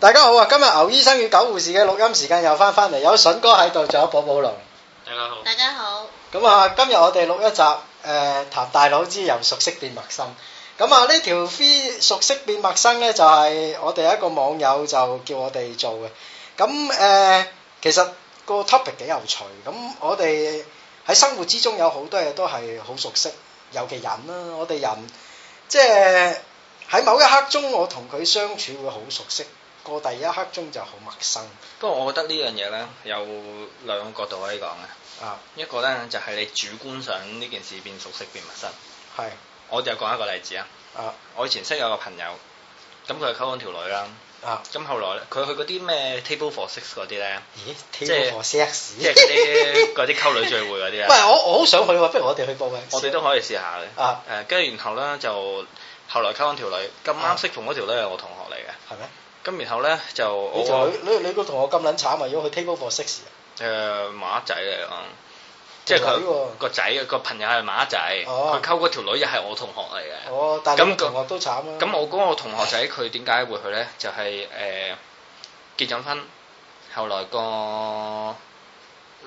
大家好啊！今日牛醫生與狗護士嘅錄音時間又翻翻嚟，有笋哥喺度，仲有寶寶龍。大家好，寶寶大家好。咁啊，今日我哋錄一集誒，談、呃、大佬之由熟悉變陌生。咁、嗯、啊，呢條非「熟悉變陌生」咧，就係、是、我哋一個網友就叫我哋做嘅。咁誒、呃，其實個 topic 幾有趣。咁我哋喺生活之中有好多嘢都係好熟悉，尤其人啦，我哋人即係喺某一刻中，我同佢相處會好熟悉。我第一刻鐘就好陌生，不過我覺得呢樣嘢咧有兩個角度可以講嘅。啊，一個咧就係你主觀上呢件事變熟悉變陌生。係，我就講一個例子啊。啊，我以前識有個朋友，咁佢係溝緊條女啦。啊，咁後來佢去嗰啲咩 table for six 嗰啲咧？咦，table for six 即係嗰啲溝女聚會嗰啲啊？喂，我我好想去啊！不如我哋去報名？我哋都可以試下嘅。啊，誒，跟住然後咧就後來溝緊條女，咁啱適逢嗰條女係我同學嚟嘅。係咩？咁然後咧就你你你個同學咁撚慘啊！要去 table for six 啊？誒馬仔嚟啊，即係佢個仔個朋友係馬仔，佢溝嗰條女又係我同學嚟嘅。哦，但同學都慘啊！咁我嗰個同學仔佢點解會去咧？就係誒結咗婚，後來個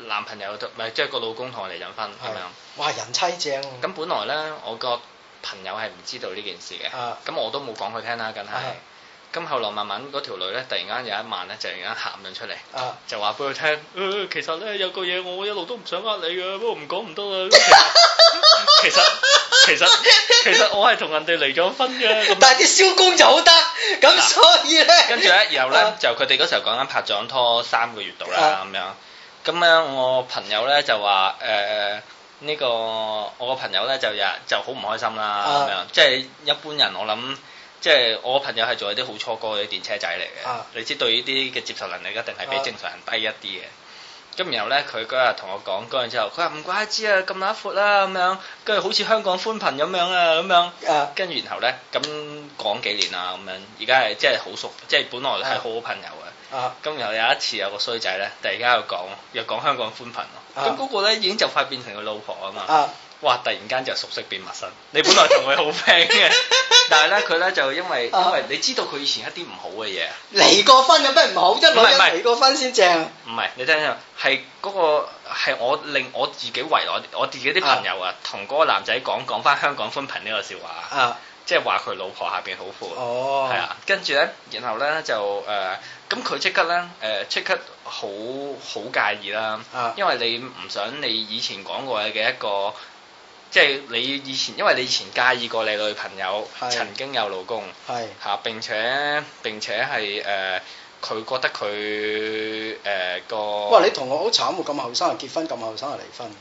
男朋友都唔係即係個老公同我離咗婚咁樣。哇！人妻正。咁本來咧，我個朋友係唔知道呢件事嘅，咁我都冇講佢聽啦，梗係。咁後來慢慢嗰條女咧，突然間有一晚咧，就突然間喊咗出嚟，啊、就話俾佢聽，其實咧有個嘢我一路都唔想呃你嘅，不過唔講唔得啦。其實 其實其實，其實我係同人哋離咗婚嘅。但係啲燒工就好得，咁、嗯、所以咧，跟住咧，然後咧、啊、就佢哋嗰時候講緊拍咗拖三個月度啦，咁、啊、樣。咁樣我朋友咧就話誒呢個我個朋友咧就日就好唔開心啦，咁、啊、樣即係、就是、一般人我諗。我即係我朋友係做一啲好初哥嘅電車仔嚟嘅，啊、你知對呢啲嘅接受能力一定係比正常人低一啲嘅。咁、啊、然後咧，佢嗰日同我講嗰陣之後，佢話唔怪之芝啊咁乸闊啦咁樣，跟住好似香港寬頻咁樣啊咁樣，跟住然後咧咁講幾年啊咁樣，而家係即係好熟，即係本來係好好朋友嘅。咁、啊、然後有一次有一個衰仔咧，突然間又講又講香港寬頻，咁嗰、啊、個咧已經就快變成佢老婆啊嘛。啊哇！突然間就熟識變陌生，你本來同佢好 friend 嘅，但係咧佢咧就因為、啊、因為你知道佢以前一啲唔好嘅嘢，離過婚有咩唔好？啫？唔係離過婚先正。唔係你聽聽，係嗰、嗰個係我令我自己為我我自己啲朋友啊，同嗰個男仔講講翻香港寬頻呢個笑話啊，即係話佢老婆下邊好闊。哦，係啊，跟住咧，然後咧就誒，咁佢即刻咧誒，呃、即刻好好介意啦，啊、因為你唔想你以前講過嘅一個。即係你以前，因為你以前介意過你女朋友，的曾經有老公，吓的、啊，並且並且係誒，佢、呃、覺得佢誒、呃、個，哇！你同我好慘，咁後生結婚，咁後生又離婚，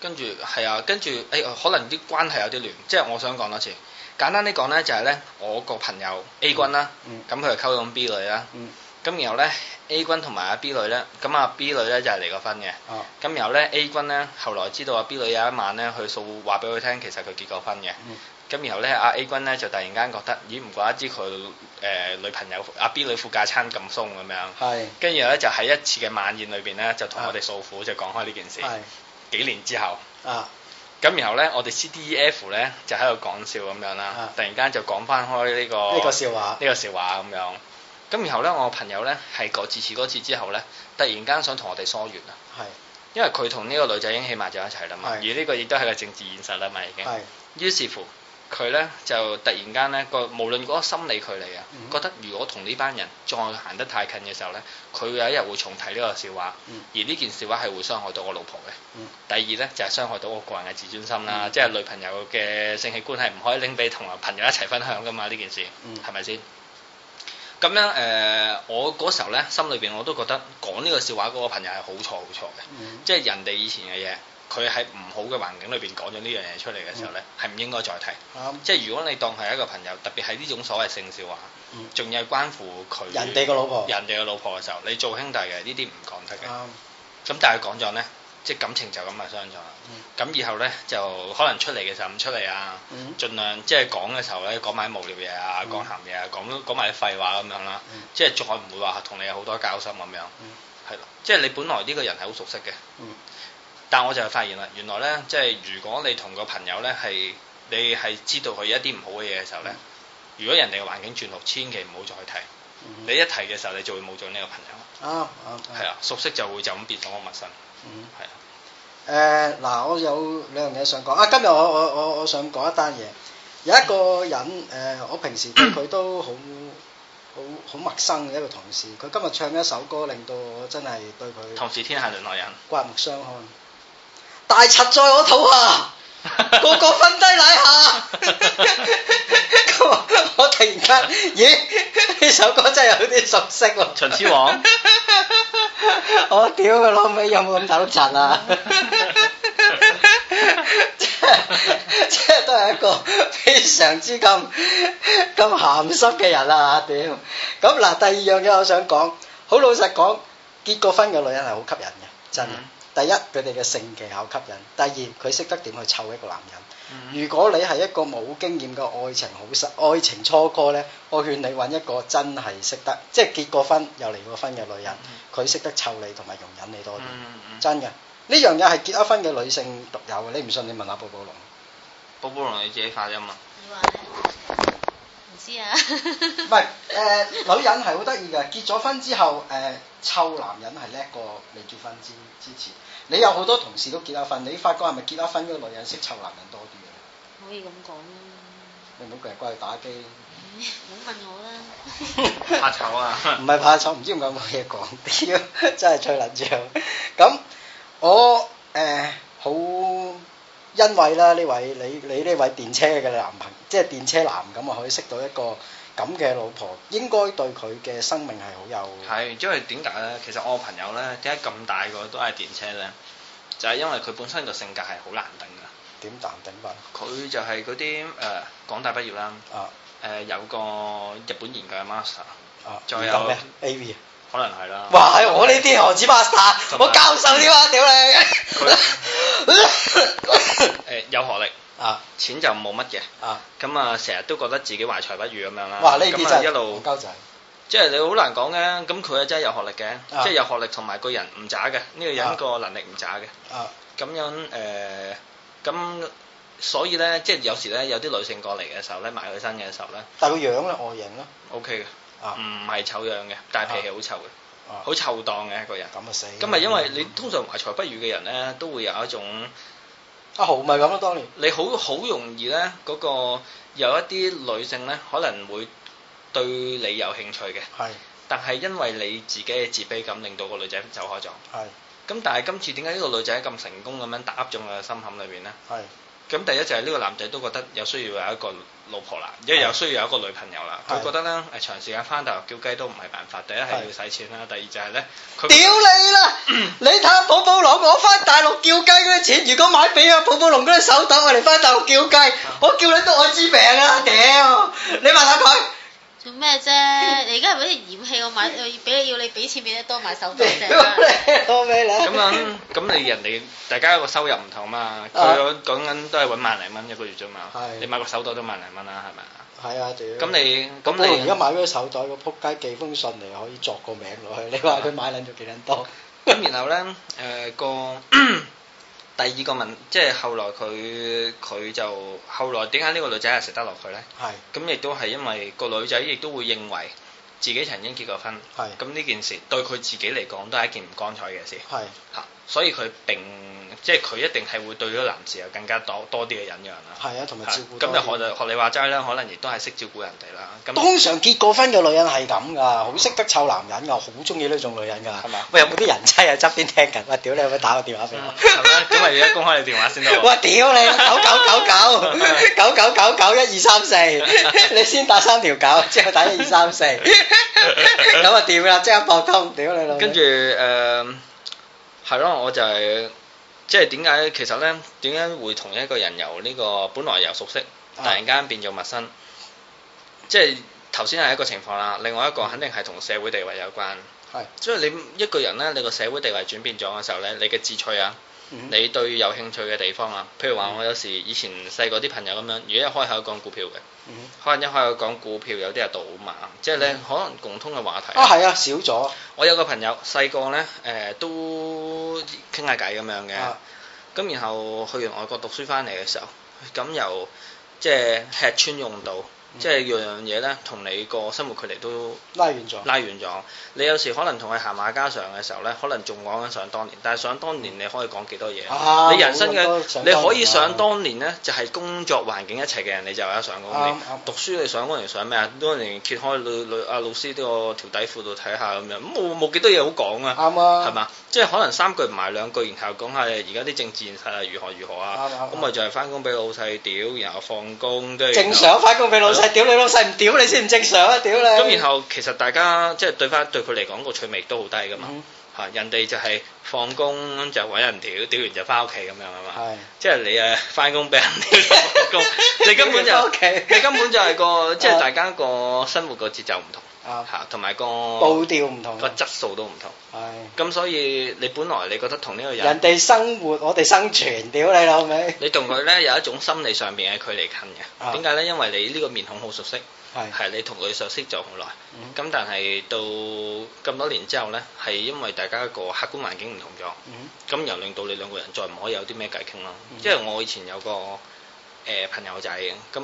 跟住係啊，跟住誒、哎，可能啲關係有啲亂。即係我想講多次，簡單啲講咧，就係、是、咧，我個朋友 A 君啦，咁佢、嗯嗯、就溝咗 B 女啦。嗯咁然後咧，A 君同埋阿 B 女咧，咁阿 B 女咧就係、是、離過婚嘅。咁、啊、然後咧，A 君咧後來知道阿 B 女有一晚咧，佢訴話俾佢聽，其實佢結過婚嘅。咁、嗯、然後咧，阿 A 君咧就突然間覺得，咦唔怪得知佢誒女朋友阿、啊、B 女副嫁餐咁鬆咁樣。係是。跟住咧就喺一次嘅晚宴裏邊咧，就同我哋訴苦，就講開呢件事。係是。幾年之後。啊。咁然後咧，我哋 C D E F 咧就喺度講笑咁樣啦，樣樣啊、突然間就講翻開呢、這個呢個笑話呢個笑話咁樣。咁然後咧，我朋友咧係嗰自次嗰次次之後咧，突然間想同我哋疏遠啊。係是，因為佢同呢個女仔已經起埋就一齊啦嘛，是而呢個亦都係個政治現實啦嘛已經。係是，於是乎佢咧就突然間咧個無論嗰個心理距離啊，嗯、覺得如果同呢班人再行得太近嘅時候咧，佢有一日會重提呢個笑話。嗯、而呢件笑話係會傷害到我老婆嘅。嗯、第二咧就係、是、傷害到我個人嘅自尊心啦，嗯、即係女朋友嘅性器官係唔可以拎俾同朋友一齊分享噶嘛呢件事，係咪先？是咁樣誒、呃，我嗰時候咧，心裏邊我都覺得講呢個笑話嗰個朋友係好錯好錯嘅，嗯、即係人哋以前嘅嘢，佢喺唔好嘅環境裏邊講咗呢樣嘢出嚟嘅時候咧，係唔、嗯、應該再提。嗯、即係如果你當係一個朋友，特別係呢種所謂性笑話，仲、嗯、要係關乎佢人哋個老婆，人哋個老婆嘅時候，你做兄弟嘅、嗯嗯、呢啲唔講得嘅。啱，咁但係講咗咧。即感情就咁啊，傷咗。咁以後咧就可能出嚟嘅時候，唔出嚟啊，盡量即係講嘅時候咧講埋啲無聊嘢啊，講鹹嘢啊，講講埋啲廢話咁樣啦。即係再唔會話同你有好多交心咁樣。係啦，即係你本來呢個人係好熟悉嘅。但我就發現啦，原來咧，即係如果你同個朋友咧係你係知道佢一啲唔好嘅嘢嘅時候咧，如果人哋嘅環境轉好，千祈唔好再提。你一提嘅時候，你就會冇咗呢個朋友。啊啊！係啊，熟悉就會就咁變咗陌生。嗯，係啊的。誒嗱、呃，我有兩樣嘢想講啊。今日我我我我想講一單嘢。有一個人誒、呃，我平時對佢、嗯、都好好陌生嘅一個同事，佢今日唱一首歌，令到我真係對佢同是天下淪落人刮目相看。人人大賊在我肚啊。個個瞓低禮下， 我突然間，咦？呢首歌真係有啲熟悉喎。秦始皇。我屌佢老味有冇咁大碌柒啊？即係即係都係一個非常之咁咁鹹濕嘅人啦，啊，屌！咁嗱，第二樣嘢我想講，好老實講，結過婚嘅女人係好吸引嘅，真嘅第一佢哋嘅性技巧吸引，第二佢識得點去湊一個男人。嗯、如果你係一個冇經驗嘅愛情好實愛情初哥咧，我勸你揾一個真係識得，即係結過婚又離過婚嘅女人，佢識、嗯、得湊你同埋容忍你多啲，嗯嗯、真嘅呢樣嘢係結咗婚嘅女性獨有嘅，你唔信你問下寶寶龍，寶寶龍你自己發音啊。唔知啊， 唔、呃、係，誒女人係好得意嘅，結咗婚之後，誒、呃、臭男人係叻過未結婚之之前。你有好多同事都結咗婚，你發覺係咪結咗婚嘅女人識臭男人多啲啊？可以咁講啊！你唔好成日掛住打機。唔好問我啦。 怕醜啊？唔係怕醜，唔知點解冇嘢講， 真係最難將。咁 我誒、呃、好。因為啦，呢位你你呢位電車嘅男朋友，即係電車男咁啊，就可以識到一個咁嘅老婆，應該對佢嘅生命係好有。係，因為點解咧？其實我朋友咧點解咁大個都係電車咧？就係、是、因為佢本身個性格係好難頂噶。點難頂法？佢就係嗰啲誒港大畢業啦。啊。誒、呃，有個日本研究嘅 master。啊。仲有咩？AV。可能係啦。哇！我呢啲何止 master 我教授添啊！屌你！誒有學歷啊，錢就冇乜嘅啊。咁啊，成日都覺得自己懷才不遇咁樣啦。哇！呢啲就一路交仔。即係你好難講嘅，咁佢啊真係有學歷嘅，即係有學歷同埋個人唔渣嘅，呢個人個能力唔渣嘅。啊。咁樣誒，咁所以咧，即係有時咧，有啲女性過嚟嘅時候咧，埋佢身嘅時候咧。但係個樣咧，外形咯。O K 嘅。唔係醜樣嘅，但係脾氣好臭嘅，好、啊、臭蕩嘅一個人。咁啊死！咁啊，因為你、嗯、通常懷才不遇嘅人咧，都會有一種阿豪咪咁咯。當年你好好容易咧，嗰、那個有一啲女性咧，可能會對你有興趣嘅。係是，但係因為你自己嘅自卑感，令到個女仔走開咗。係是。咁但係今次點解呢個女仔咁成功咁樣打中我嘅心坎裏邊咧？係。咁第一就係呢個男仔都覺得有需要有一個老婆啦，因為的有需要有一個女朋友啦。佢的覺得咧，誒長時間翻大陸叫雞都唔係辦法。第一係要使錢啦，的第二就係咧，佢屌你啦！ 你睇下寶寶龍，我翻大陸叫雞嗰啲錢，如果買俾阿寶寶龍嗰隻手袋，我嚟翻大陸叫雞，啊、我叫你都愛滋病啊！屌、啊，你問下佢。做咩啫？你而家係咪嫌棄我買？要俾你要你俾錢俾得多買手袋隻啦。咁樣咁你人哋大家個收入唔同嘛？佢講緊都係搵萬零蚊一個月啫嘛。你買個手袋都萬零蚊啦，係咪啊？係啊，屌！咁你咁你而家買咗個手袋？個撲街寄封信嚟可以作個名落去。你話佢買撚咗幾撚多？咁然後咧，誒個。第二個問，即係後來佢佢，就後來點解呢個女仔又食得落佢咧？係咁亦都係因為個女仔亦都會認為自己曾經結過婚，係咁呢件事對佢自己嚟講都係一件唔光彩嘅事，係吓是。所以佢並即係佢一定係會對呢個男士有更加多多啲嘅忍讓啦。係啊，同埋照顧多。咁就學你話齋啦，可能亦都係識照顧人哋啦。咁通常結過婚嘅女人係咁噶，好識得湊男人噶，好中意呢種女人噶。係嘛？喂，有冇啲人妻喺側邊聽緊？喂，屌你，有冇打個電話俾我？咁咪而家公開你電話先得。喂，屌你，九九九九九九九九一二三四，你先打三條九，之後打一二三四。咁啊屌啦，即刻撲通，屌你老。跟住誒。係咯，我就係，即係點解？其實呢，點解會同一個人由呢個本來由熟悉，突然間變咗陌生？即係頭先係一個情況啦，另外一個肯定係同社會地位有關。係的，即係你一個人呢，你個社會地位轉變咗嘅時候呢，你嘅志趣啊～你對有興趣嘅地方啊，譬如話我有時以前細個啲朋友咁樣，如果、嗯、一開口講股票嘅，可能一開口講股票有啲係賭馬，嗯、即係咧可能共通嘅話題啊，係啊少咗。我有個朋友細個咧誒都傾下偈咁樣嘅，咁、啊、然後去完外國讀書翻嚟嘅時候，咁由即係吃穿用度。嗯、即係樣樣嘢咧，同你個生活距離都拉完咗。拉完咗，你有時可能同佢行馬家常嘅時候咧，可能仲講緊想當年，但係想當年你可以講幾多嘢、啊、你人生嘅，想啊、你可以想當年咧，就係、是、工作環境一齊嘅人，你就有得上講。啊、讀書你想當年想咩啊？當年、啊、揭開女女阿老師呢個條底褲度睇下咁樣，冇冇幾多嘢好講啊。啱啊，係嘛？即係可能三句唔埋兩句，然後講下而家啲政治現實係如何如何啊。咁咪、啊啊啊、就係翻工俾老細屌，然後放工都要。然後然後正常翻工俾老。嗯就係屌你老細唔屌你先唔正常啊！屌你咁，然後其實大家即係、就是、對翻對佢嚟講個趣味都好低噶嘛吓、嗯、人哋就係放工就揾人屌，屌完就翻屋企咁樣係嘛，係即係你誒翻工俾人屌翻屋企 你根本就是、 你根本就係個即係、就是、大家個生活個節奏唔同。嚇，同埋個步調唔同，個質素都唔同。係。咁所以你本來你覺得同呢個人人哋生活，我哋生存，屌你老味！你同佢咧有一種心理上邊嘅距離近嘅。點解咧？因為你呢個面孔好熟悉。係。你同佢熟悉咗好耐。咁但係到咁多年之後咧，係因為大家個客觀環境唔同咗。咁又令到你兩個人再唔可以有啲咩偈傾咯。即係我以前有個誒朋友仔，咁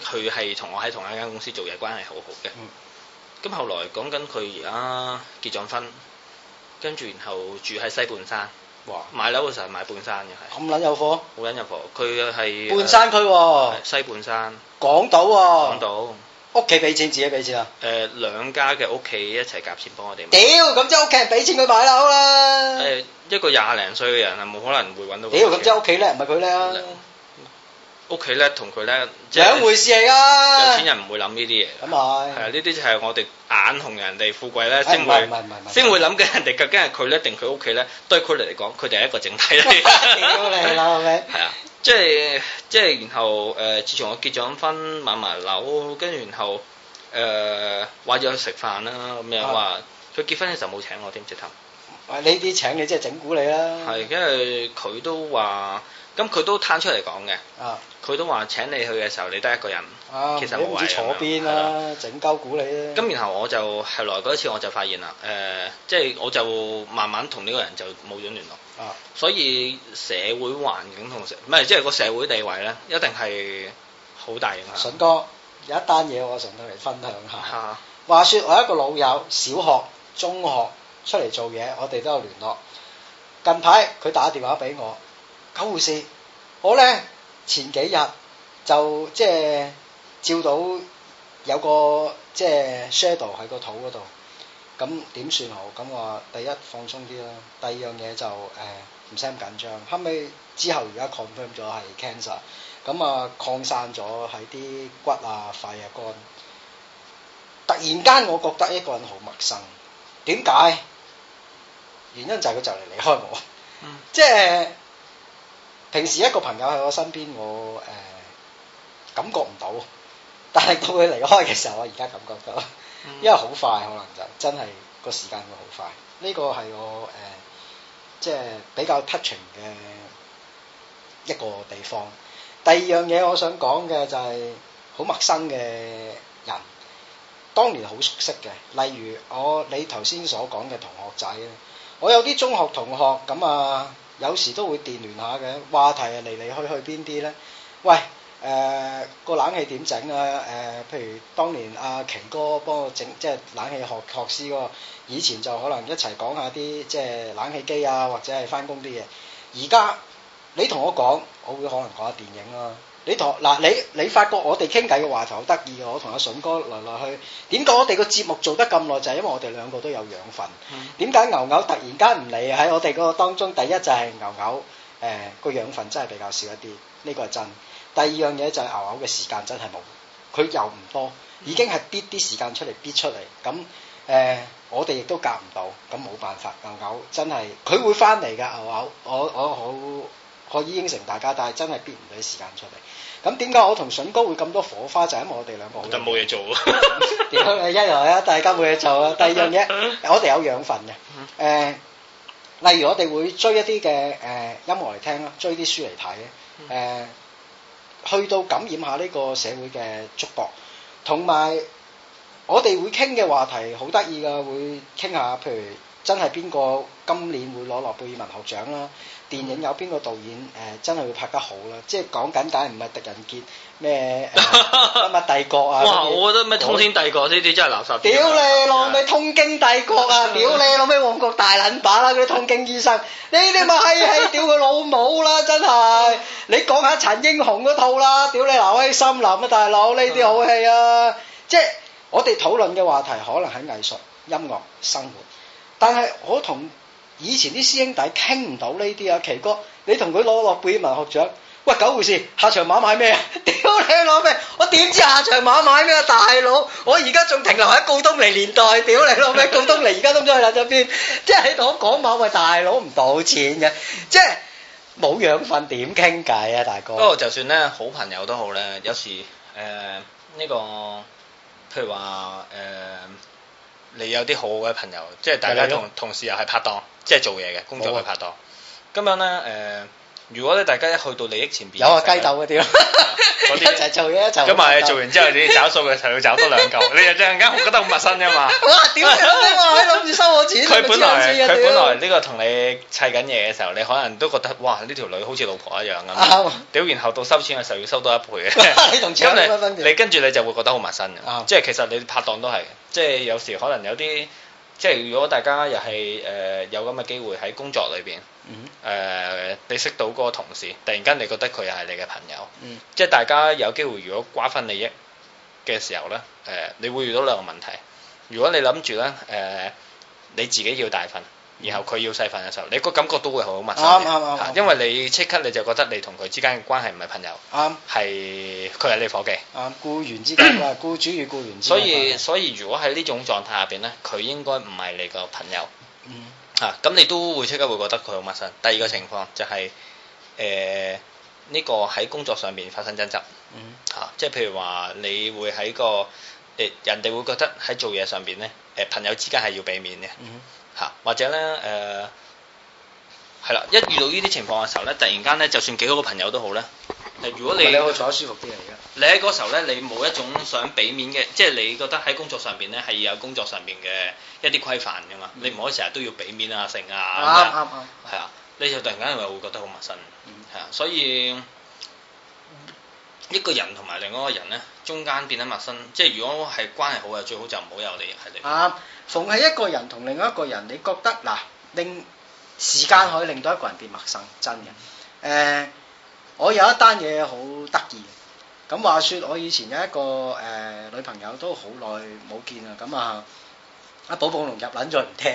佢係同我喺同一間公司做嘢，關係好好嘅。咁後來講緊佢而家結咗婚，跟住然後住喺西半山，哇！買樓嘅時候買半山嘅係，咁捻有貨，冇捻有貨，佢嘅係半山區、啊，西半山，港島、啊，港島到，屋企俾錢，自己俾錢啊？誒、呃，兩家嘅屋企一齊夾錢幫我哋買。屌，咁即係屋企人俾錢佢買樓啦？誒，一個廿零歲嘅人係冇可能會揾到。屌，咁即係屋企咧，唔係佢咧。屋企咧，同佢咧，兩回事嚟噶。有錢人唔會諗呢啲嘢。咁咪。係啊，呢啲就係我哋眼紅人哋富貴咧，先、哎、會先會諗嘅人哋，究竟係佢咧定佢屋企咧？對佢嚟講，佢哋係一個整體嚟。你啦，係咪？係啊，即係即係，然後誒，自從我結咗婚，買埋樓，跟住然後誒，話約去食飯啦，咁樣話佢結婚嘅時候冇請我添，直頭。啊！呢啲請你即係整蠱你啦。係、就是，因為佢都話。咁佢、嗯嗯、都攤出嚟講嘅，佢都話請你去嘅時候你得一個人，啊、其實我唔知坐邊啦、啊，整鳩估你咧、啊。咁然後我就後來嗰一次，我就發現啦，誒、呃，即、就、係、是、我就慢慢同呢個人就冇咗聯絡。啊，所以社會環境同社，唔係即係個社會地位咧，一定係好大影響。順哥有一單嘢我想嚟分享下，啊、話說我一個老友，小學、中學出嚟做嘢，我哋都有聯絡。近排佢打電話俾我。九狗護士，我呢前幾日就即係照到有個即係 shadow 喺個肚嗰度，咁點算好？咁我第一放鬆啲啦，第二樣嘢就誒唔使咁緊張。後尾之後而家 confirm 咗係 cancer，咁啊擴散咗喺啲骨啊、肺啊、肝。突然間我覺得一個人好陌生，點解？原因就係佢就嚟離開我，嗯、即係。平時一個朋友喺我身邊，我誒、呃、感覺唔到，但係到佢離開嘅時候，我而家感覺到，因為好快，可能就真係個時間會好快。呢、這個係我誒、呃、即係比較 touching 嘅一個地方。第二樣嘢我想講嘅就係、是、好陌生嘅人，當年好熟悉嘅，例如我你頭先所講嘅同學仔，我有啲中學同學咁啊。有時都會電聯下嘅話題，嚟嚟去去邊啲咧？喂，誒、呃、個冷氣點整啊？誒、呃，譬如當年阿、啊、瓊哥幫我整，即係冷氣學學師嗰個，以前就可能一齊講一下啲即係冷氣機啊，或者係翻工啲嘢。而家你同我講，我會可能講下電影啊。你同嗱你你發覺我哋傾偈嘅話題好得意㗎，我同阿筍哥來來去去，點解我哋個節目做得咁耐就係、是、因為我哋兩個都有養分。點解、嗯、牛牛突然間唔嚟喺我哋個當中？第一就係牛牛誒個養分真係比較少一啲，呢、這個係真。第二樣嘢就係牛牛嘅時間真係冇，佢又唔多，已經係搣啲時間出嚟搣出嚟。咁誒、呃、我哋亦都夾唔到，咁冇辦法。牛牛真係佢會翻嚟㗎，牛牛我我好。我可以應承大家，但係真係編唔到啲時間出嚟。咁點解我同筍哥會咁多火花？就係、因為我哋兩個冇嘢做 為麼。點樣？一樣啊，大家冇嘢做啊。 第二樣嘢，我哋有養分嘅。誒、呃，例如我哋會追一啲嘅誒音樂嚟聽咯，追啲書嚟睇。誒、呃，去到感染下呢個社會嘅觸覺，同埋我哋會傾嘅話題好得意㗎，會傾下譬如真係邊個今年會攞諾貝爾文學獎啦。電影有邊個導演誒、呃、真係會拍得好啦？即係講緊，梗係唔係狄仁傑咩誒？乜帝國啊？哇，些哇！我覺得咩通天帝國呢啲我真係垃圾。屌你老味通經帝國啊！屌、啊、你老味旺角大撚把啦、啊！嗰啲通經醫生，呢啲咪閪屌佢老母啦、啊！真係你講下陳英雄嗰套啦、啊！屌你挪威森林啊大佬，呢啲好戲啊！啊即係我哋討論嘅話題可能喺藝術、音樂、生活，但係我同。以前啲師兄弟傾唔到呢啲啊，奇哥，你同佢攞諾貝爾文學獎，喂，九回事，下場馬買咩啊？屌你老味，我點知下場馬買咩啊，大佬？我而家仲停留喺告東尼年代，屌你老味，告東尼而家都唔知去咗只邊，即係講講話位大佬唔賭錢嘅、啊，即係冇養分點傾偈啊，大哥。不過就算咧好朋友都好咧，有時誒呢、呃這個譬如話誒、呃，你有啲好嘅朋友，即係大家同嗎同事又係拍檔。即係做嘢嘅工作嘅拍檔，咁樣咧誒，如果咧大家一去到利益前邊，有啊雞竇嗰啲咯，嗰啲就係做嘢，做咁咪做完之後你找數嘅時候要找多兩嚿，你有陣間覺得好陌生噶嘛？哇！點樣你話諗住收我錢？佢本來佢本來呢個同你砌緊嘢嘅時候，你可能都覺得哇呢條女好似老婆一樣咁，屌，然後到收錢嘅時候要收多一倍嘅，你你跟住你就會覺得好陌生嘅，即係其實你拍檔都係，即係有時可能有啲。即係如果大家又係誒、呃、有咁嘅機會喺工作裏邊，誒、呃、你識到嗰個同事，突然間你覺得佢又係你嘅朋友，嗯、即係大家有機會如果瓜分利益嘅時候咧，誒、呃、你會遇到兩個問題。如果你諗住咧，誒、呃、你自己要大份。然後佢要細分嘅時候，你個感覺都會好陌生。啱啱、啊啊啊啊、因為你即刻你就覺得你同佢之間嘅關係唔係朋友，係佢係你伙計。啱、啊，僱員之間僱 主與僱員。所以所以，如果喺呢種狀態下邊咧，佢應該唔係你個朋友。嗯。吓、啊，咁你都會即刻會覺得佢好陌生。第二個情況就係、是，誒、呃，呢、這個喺工作上面發生爭執。嗯。吓、啊，即係譬如話你會喺個誒人哋會覺得喺做嘢上邊咧，誒、呃、朋友之間係要避免嘅。嗯或者咧，誒、呃，係啦，一遇到呢啲情況嘅時候咧，突然間咧，就算幾好嘅朋友都好咧。如果你咧可以坐得舒服啲，你喺嗰時候咧，你冇一種想俾面嘅，即係你覺得喺工作上邊咧係要有工作上邊嘅一啲規範㗎嘛，嗯、你唔可以成日都要俾面啊、剩啊，係啊，你就突然間係會覺得好陌生，係啊，所以一個人同埋另外一個人咧。中間變得陌生，即係如果係關係好嘅，最好就唔好有你係你。啱、啊，逢係一個人同另外一個人，你覺得嗱、啊，令時間可以令到一個人變陌生，嗯、真嘅。誒、呃，我有一單嘢好得意。咁話說，我以前有一個誒、呃女，啊、 女朋友，都好耐冇見啦。咁啊，阿寶寶龍入撚咗，唔聽，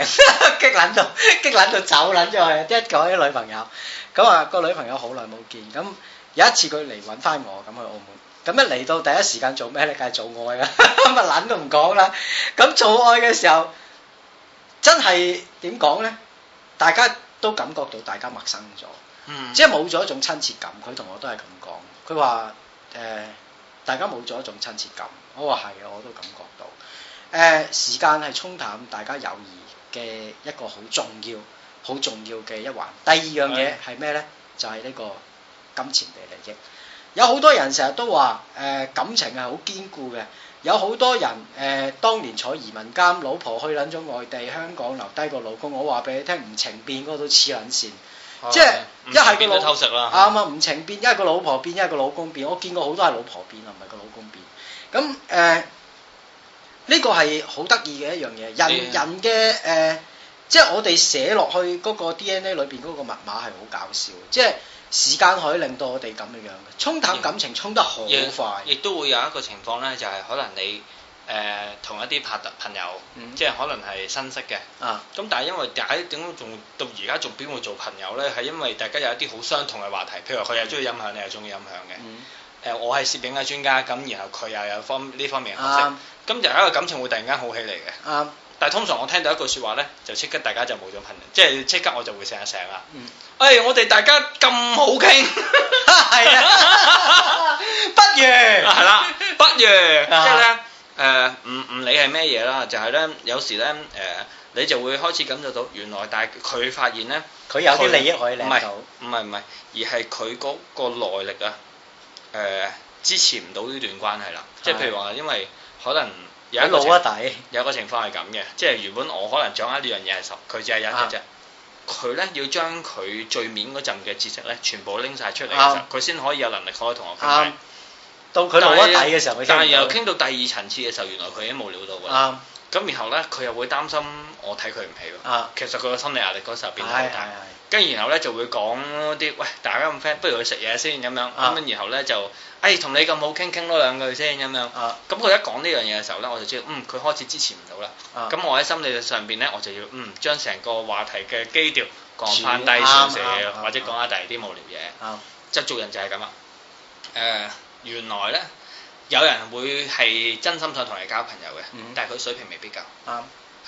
激撚到，激撚到走撚咗去，一舊啲女朋友。咁啊，個女朋友好耐冇見，咁有一次佢嚟搵翻我，咁去澳門。咁一嚟到第一時間做咩咧？梗係做愛啦，咁啊懶都唔講啦。咁做愛嘅時候，真係點講咧？大家都感覺到大家陌生咗，嗯，即係冇咗一種親切感。佢同我都係咁講，佢話誒，大家冇咗一種親切感。我話係、啊，我都感覺到。誒、呃，時間係沖淡大家友誼嘅一個好重要、好重要嘅一環。第二樣嘢係咩咧？嗯、就係呢個金錢嘅利益。有好多人成日都話，誒、呃、感情係好堅固嘅。有好多人，誒、呃、當年坐移民監，老婆去捻咗外地，香港留低個老公。我話俾你聽，唔情變嗰度黐捻線，嗯、即係一係個老婆偷食啦，啱啊，唔、嗯、情變，因為變一係個老婆變，一係個老公變。我見過好多係老婆變啊，唔係個老公變。咁誒，呢個係好得意嘅一樣嘢，人人嘅誒、呃，即係我哋寫落去嗰個 DNA 裏邊嗰個密碼係好搞笑，即係。時間可以令到我哋咁樣樣嘅，沖淡感情沖得好快，亦都會有一個情況咧，就係、是、可能你誒同、呃、一啲拍朋友，嗯、即係可能係新識嘅，咁、啊、但係因為點解仲到而家仲邊會做朋友咧，係因為大家有一啲好相同嘅話題，譬如佢又中意音響，嗯、你又中意音響嘅，誒、嗯呃、我係攝影嘅專家，咁然後佢又有方呢方面嘅，咁就一個感情會突然間好起嚟嘅，嗯、但係通常我聽到一句說話咧，就即刻大家就冇咗朋、就是、朋友，即係即刻我就會醒一醒啦。嗯誒、哎，我哋大家咁好傾，係 啊， 不如係啦、 啊，不如，即係咧誒，唔、呃、唔理係咩嘢啦，就係、是、咧，有時咧誒、呃，你就會開始感受到，原來但係佢發現咧，佢有啲利益可以領到，唔係唔係，而係佢嗰個耐力啊，誒、呃，支持唔到呢段關係啦，的即係譬如話，因為可能有一老底有一底，有嗰情況係咁嘅，即係原本我可能掌握呢樣嘢係十，佢只係一隻是的。佢咧要將佢最面嗰陣嘅知識咧，全部拎晒出嚟，佢先、嗯、可以有能力可以同我傾。啱、嗯，到佢第一睇嘅時候，但係又傾到第二層次嘅時候，原來佢已經冇料到㗎。啱、嗯，咁然後咧，佢又會擔心我睇佢唔起喎。其實佢個心理壓力嗰時候變得好大。嗯嗯嗯嗯跟然後咧就會講啲喂，大家咁 friend，不如去食嘢先咁樣，咁然後咧就誒同你咁好傾傾多兩句先咁樣，咁佢一講呢樣嘢嘅時候咧，我就知道嗯，佢開始支持唔到啦，咁我喺心理上邊咧我就要嗯，將成個話題嘅基調降翻低少少，或者講下第二啲無聊嘢，即係做人就係咁啊。誒原來咧有人會係真心想同你交朋友嘅，但係佢水平未必夠。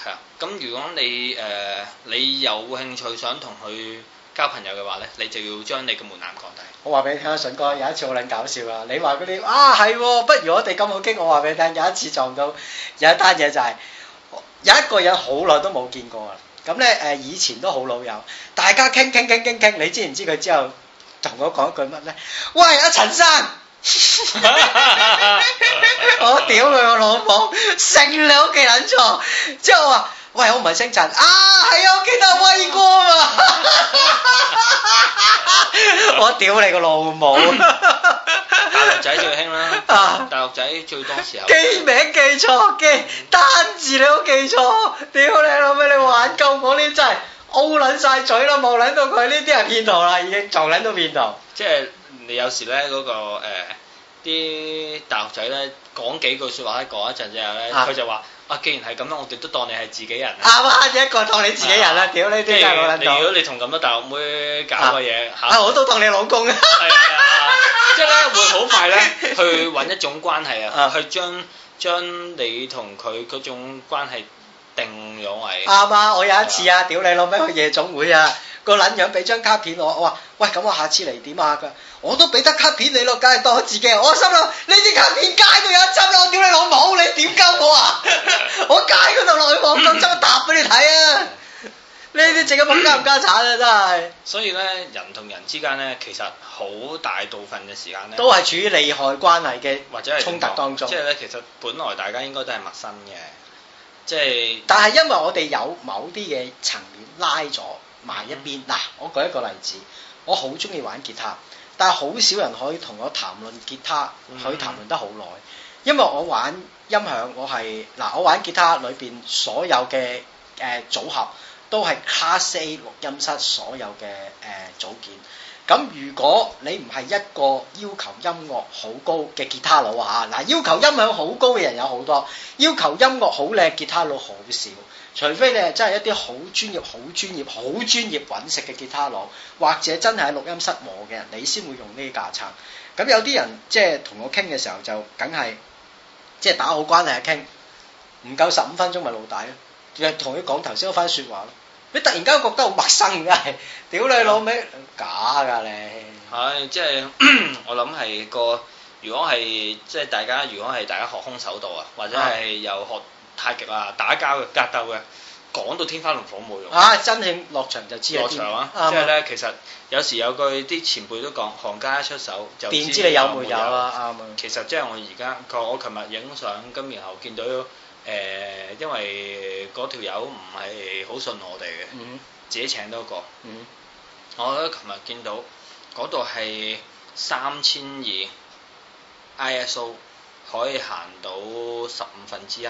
係啊，咁、嗯、如果你誒、呃、你有興趣想同佢交朋友嘅話咧，你就要將你嘅門檻降低。我話俾你聽，阿順哥，有一次我撚搞笑啊，你話嗰啲啊係，不如我哋咁好傾。我話俾你聽，有一次撞到有一單嘢就係、是、有一個人好耐都冇見過啦。咁咧誒以前都好老友，大家傾傾傾傾傾，你知唔知佢之後同我講一句乜咧？喂，阿、啊、陳生！我屌你個老母，姓屋企捻錯，之後我話喂我唔係星塵啊係我記得威哥啊，我屌你個老母，大陸仔最興啦，大陸仔最多時候記名記錯記單字你都記錯，屌你老味你玩夠我呢真係烏捻晒嘴啦，冇捻到佢呢啲係騙徒啦已經撞捻到騙徒，即係。你有時咧嗰、那個啲、呃、大學仔咧講幾句説話咧講一陣之後咧，佢、啊、就話啊，既然係咁樣，我哋都當你係自己人。啱啊，一個當你自己人啊，屌你啲如果你同咁多大學妹搞嘅嘢、啊，啊我都當你老公 啊，即係咧會好快咧去搵一種關係啊，啊去將將你同佢嗰種關係定咗位。啱啊，我有一次啊，屌、啊、你老咩去夜總會啊！個撚樣俾張卡片我，我話喂，咁我下次嚟點啊？佢？我都俾得卡片你咯，梗係多自己。我心諗呢啲卡片街都有一針咯，我屌你老母，你點交我啊？ 我街嗰度落去放咁多沓俾你睇啊！呢啲正咁交唔交差啊？真係。所以咧，人同人之間咧，其實好大部分嘅時間咧，都係處於利害關係嘅或者係衝突當中。即係咧，其實本來大家應該都係陌生嘅，即係，但係因為我哋有某啲嘅層面拉咗。埋一邊嗱，我舉一個例子，我好中意玩吉他，但係好少人可以同我談論吉他，可以談論得好耐，因為我玩音響，我係嗱，我玩吉他裏邊所有嘅誒、呃、組合都係 Class A 錄音室所有嘅誒、呃、組件。咁如果你唔係一個要求音樂好高嘅吉他佬啊，嗱，要求音響好高嘅人有好多，要求音樂好叻吉他佬好少。除非你真係一啲好專業、好專業、好專業揾食嘅吉他佬，或者真係喺錄音室磨嘅人，你先會用呢架撐。咁有啲人即係同我傾嘅時候就梗係即係打好關係傾，唔夠十五分鐘咪露底，咯。若同佢講頭先嗰番説話咯，你突然間覺得好陌生，而家屌你老味， 假㗎你。唉、啊，即係我諗係個，如果係即係大家，如果係大家學空手道啊，或者係又學，嗯太極啊！打交嘅格鬥嘅講到天花龍火冇用啊！真係落場就知落場啊！即係咧，呢嗯、其實有時有句啲前輩都講，行家一出手，就知，點知你有沒有啦。啱啊！嗯、其實即係我而家，我我琴日影相，跟然後見到誒、呃，因為嗰條友唔係好信我哋嘅，嗯、自己請多個。嗯、我覺得琴日見到嗰度係三千二，ISO 可以行到十五分之一。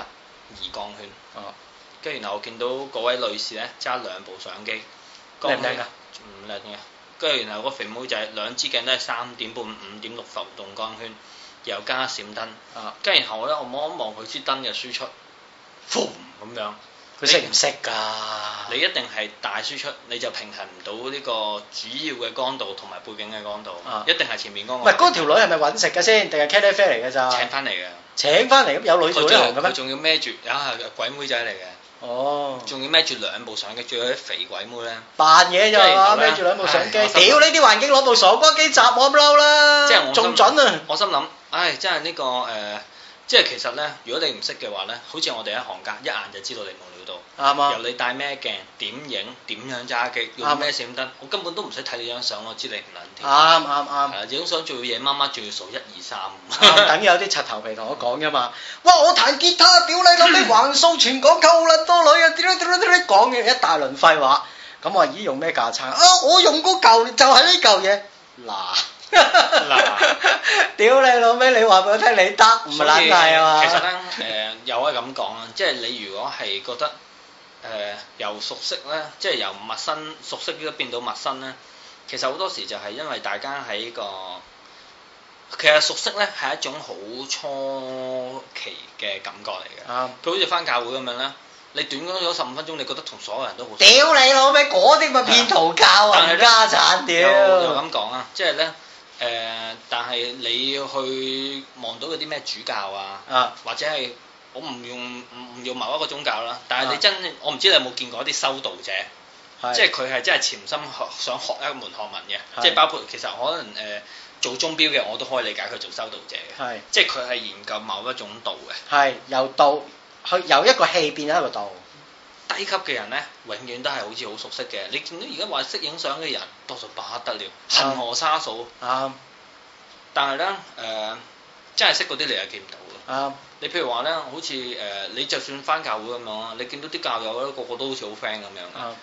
二光圈，哦、嗯，跟住然後我見到嗰位女士咧揸兩部相機，光圈，靚唔靚啊？唔靚嘅，跟住然後，然後個肥妹仔兩支鏡都係三點半五點六浮動光圈，又加閃燈，啊，跟住然後咧、嗯、我望一望佢支燈嘅輸出 Boom 咁樣。你識唔識噶？你一定係大輸出，你就平衡唔到呢個主要嘅光度同埋背景嘅光度，一定係前面嗰個。唔係嗰條女係咪揾食嘅先？定係 cat and i s 嚟嘅咋？請翻嚟嘅。請翻嚟咁有女主持人嘅咩？佢仲要孭住，嚇係鬼妹仔嚟嘅。哦。仲要孭住兩部相機，仲有啲肥鬼妹咧。扮嘢咋嘛？孭住兩部相機，屌呢啲環境攞部傻瓜機砸我唔嬲啦，即仲準啊！我心諗，唉，真係呢個誒。即係其實咧，如果你唔識嘅話咧，好似我哋一行家一眼就知道你冇料到，由你戴咩鏡、點影、點樣揸機、用咩閃燈，我根本都唔使睇你張相我知你唔兩條。啱啱啱。影相做嘢，麻麻，仲要數一二三五，等有啲柒頭皮同我講嘅嘛。哇！我彈吉他，屌你老味橫掃全港，溝啦多女，屌屌屌屌，講嘢一大輪廢話。咁我咦用咩架撐？啊！我用嗰嚿就係呢嚿嘢嗱。嗱，屌你老味！你話俾我聽，你得，唔係懶大啊。其實咧，誒、呃，又係咁講啦，即係你如果係覺得，誒、呃，由熟悉咧，即係由陌生熟悉都變到陌生咧，其實好多時就係因為大家喺個，其實熟悉咧係一種好初期嘅感覺嚟嘅。佢、嗯、好似翻教會咁樣咧，你短講咗十五分鐘，你覺得同所有人都好熟。屌你老味，嗰啲咪騙徒教混家產屌。又又咁講啊，即係咧。誒、呃，但係你要去望到嗰啲咩主教啊？啊，或者係我唔用唔用某一個宗教啦、啊。但係你真、啊、我唔知你有冇見過一啲修道者，是即係佢係真係潛心學想學一門學問嘅。是即係包括其實可能誒、呃、做鐘錶嘅我都可以理解佢做修道者嘅，是即係佢係研究某一種道嘅。係由道去由一個氣變一個道。A 級嘅人咧，永遠都係好似好熟悉嘅。你見到而家話識影相嘅人，多到不得了，恆河沙數。啊，啊但係咧，誒、呃，真係識嗰啲你又見唔到嘅。啊，你譬如話咧，好似誒、呃，你就算返教會咁樣啦，你見到啲教友咧，個個都好似好 friend 咁樣。啊、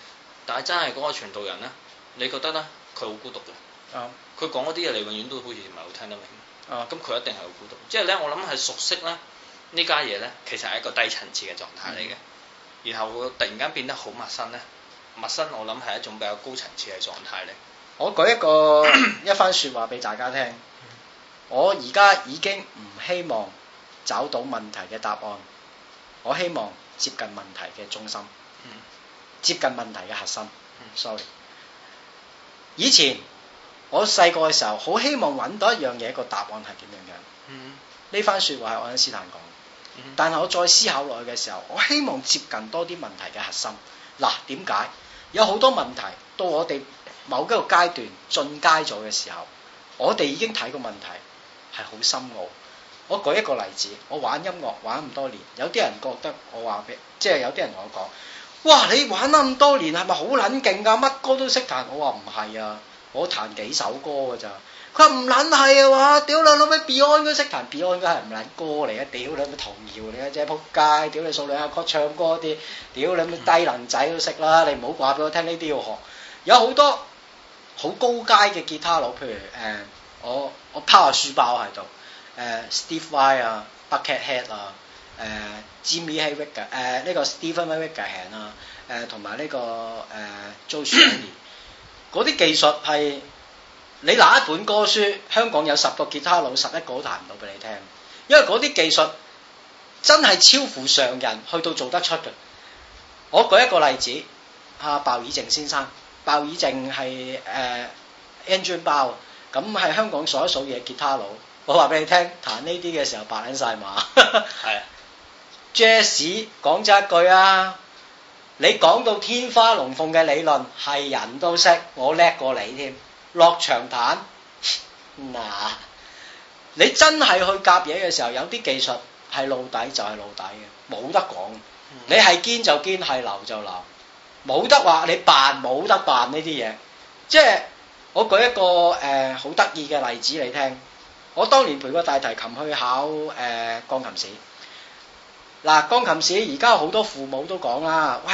但係真係嗰個傳道人咧，你覺得咧，佢好孤獨嘅。佢講嗰啲嘢，你永遠都好似唔係好聽得明。咁佢、啊嗯、一定係好孤獨。即係咧，我諗係熟悉咧呢家嘢咧，其實係一個低層次嘅狀態嚟嘅。然後突然間變得好陌生咧，陌生我諗係一種比較高層次嘅狀態咧。我舉一個 一番說話俾大家聽，我而家已經唔希望找到問題嘅答案，我希望接近問題嘅中心， 接近問題嘅核心。 Sorry，以前我細個嘅時候好希望揾到一樣嘢個答案係點樣樣。呢 番說話係愛因斯坦講。但係我再思考落去嘅時候，我希望接近多啲問題嘅核心。嗱，點解有好多問題到我哋某一個階段進階咗嘅時候，我哋已經睇個問題係好深奧。我舉一個例子，我玩音樂玩咁多年，有啲人覺得我話俾，即係有啲人同我講，哇！你玩咁多年係咪好撚勁㗎？乜歌都識彈，我話唔係啊，我彈幾首歌㗎咋。佢唔撚係啊！哇！屌你老味！Beyond 都識彈，Beyond 都係唔撚歌嚟啊！屌你老味童謠嚟啊！真係撲街！屌你數你阿哥唱歌啲！屌你老味低能仔都識啦！你唔好話俾我聽呢啲要學。有好多好高階嘅吉他佬，譬如誒、呃、我我拋下書包喺度。誒、呃、Steve Vai 啊，Buckethead 啊、呃，誒 Jimi Hendrix，誒呢個 han,、呃這個呃 Steve Hendrix 啊，誒同埋呢個誒 Jozzy 嗰啲技術係。你拿一本歌書，香港有十個吉他佬，十一個都彈唔到俾你聽，因為嗰啲技術真係超乎常人，去到做得出嘅。我舉一個例子，阿包以正先生，包以正係 Eugene 包，咁、呃、係香港數一數二吉他佬。我話俾你聽，彈呢啲嘅時候扮拎晒馬。係 Jazz 講真一句啊，你講到天花龍鳳嘅理論係人都識，我叻過你添。落長彈嗱， 你真係去夾嘢嘅時候，有啲技術係露底就係露底嘅，冇得講。你係堅就堅，係流就流，冇得話你扮，冇得扮呢啲嘢。即係我舉一個誒好得意嘅例子你聽，我當年陪個大提琴去考誒鋼琴史。嗱、呃，鋼琴史而家好多父母都講啦，喂。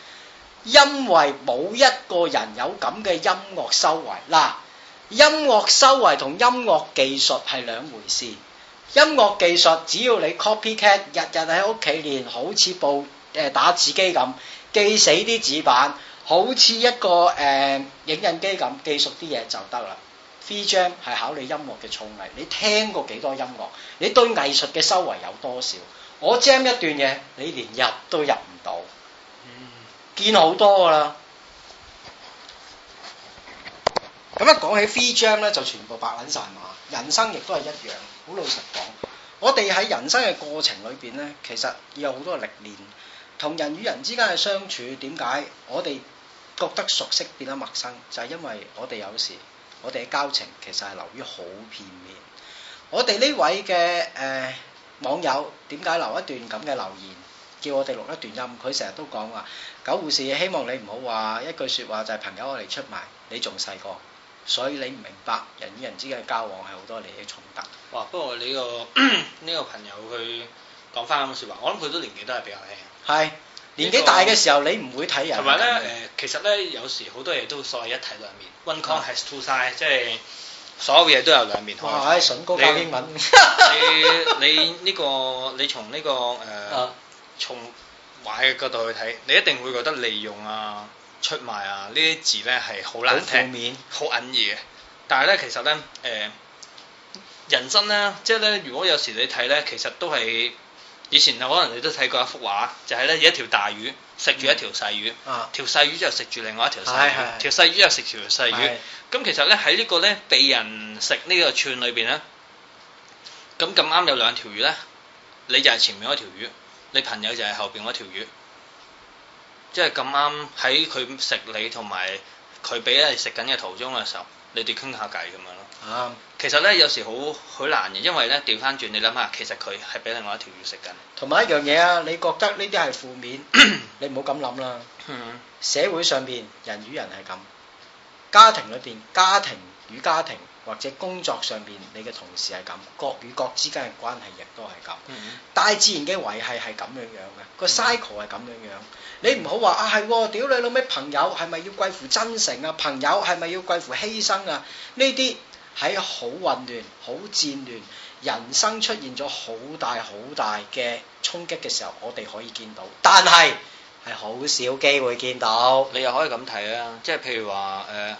因為冇一個人有咁嘅音樂修為，嗱，音樂修為同音樂技術係兩回事。音樂技術只要你 copycat，日日喺屋企練，好似部誒打字機咁記死啲紙板，好似一個誒、呃、影印機咁記熟啲嘢，就得啦。Free jam 係考你音樂嘅造詣，你聽過幾多音樂，你對藝術嘅修為有多少？我 jam 一段嘢，你連入都入唔到。見好多噶啦！咁一講起 Free Jam 咧， Jam, 就全部白捻晒馬。人生亦都係一樣，好老實講，我哋喺人生嘅過程裏邊咧，其實要有好多歷練。同人與人之間嘅相處，點解我哋覺得熟悉變得陌生？就係、是、因為我哋有時我哋嘅交情，其實係流於好片面。我哋呢位嘅誒、呃、網友，點解留一段咁嘅留言？叫我哋錄一段音，佢成日都講話，狗護士希望你唔好話一句說話就係朋友我哋出賣，你仲細個，所以你唔明白人與人之間嘅交往係好多利益重疊。哇，不過你、這個呢、這個朋友佢講翻咁嘅說話，我諗佢都年紀都係比較輕。係是、這個、年紀大嘅時候你，你唔會睇人。同埋咧，誒，其實咧，有時好多嘢都所謂一體兩面，one coin has two sides，、啊、即係所有嘢都有兩面。哇，阿順哥教英文，你你呢、 這個你從呢、這個誒。呃 從壞嘅角度去睇，你一定會覺得利用啊、出賣啊呢啲字咧係好難聽面、好揾嘅。但係咧，其實咧，誒人生咧，即係咧，如果有時你睇咧，其實都係以前可能你都睇過一幅畫，就係咧一條大魚食住一條細魚，條細魚就食住另外一條細魚，條細魚之後食條細魚。咁其實咧喺呢個咧被人食呢個串裏邊咧，咁咁啱有兩條魚咧，你就係前面嗰條魚。你朋友就係後邊嗰條魚，即係咁啱喺佢食你同埋佢俾你食緊嘅途中嘅時候，你哋傾下偈咁樣咯。啊、嗯，其實咧有時好好難嘅，因為咧調翻轉你諗下，其實佢係俾另外一條魚食緊。同埋一樣嘢啊，你覺得呢啲係負面， 你唔好咁諗啦。 社會上邊人與人係咁，家庭裏邊家庭與家庭。或者工作上面你嘅同事係咁，各與各之間嘅關係亦都係咁。嗯嗯，大自然嘅維繫嗯嗯係咁樣樣嘅，個 cycle 係咁樣樣。你唔好話啊，係，屌你老味，朋友係咪要貴乎真誠啊？朋友係咪要貴乎犧牲啊？呢啲係好混亂、好戰亂，人生出現咗好大好大嘅衝擊嘅時候，我哋可以見到，但係係好少機會見到。你又可以咁睇啦，即係譬如話誒、呃，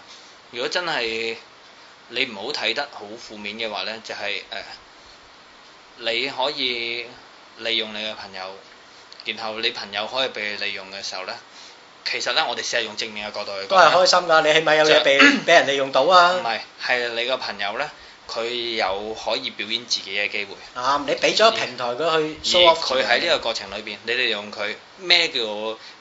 如果真係。你唔好睇得好負面嘅話呢，就係、是、誒、呃，你可以利用你嘅朋友，然後你朋友可以被利用嘅時候呢。其實呢，我哋成日用正面嘅角度去講，都係開心㗎。你起碼有嘢被俾就 人利用到啊？唔係，係你個朋友呢，佢有可以表演自己嘅機會。啊！你俾咗平台佢去 show 而佢喺呢個過程裏邊，你利用佢咩，叫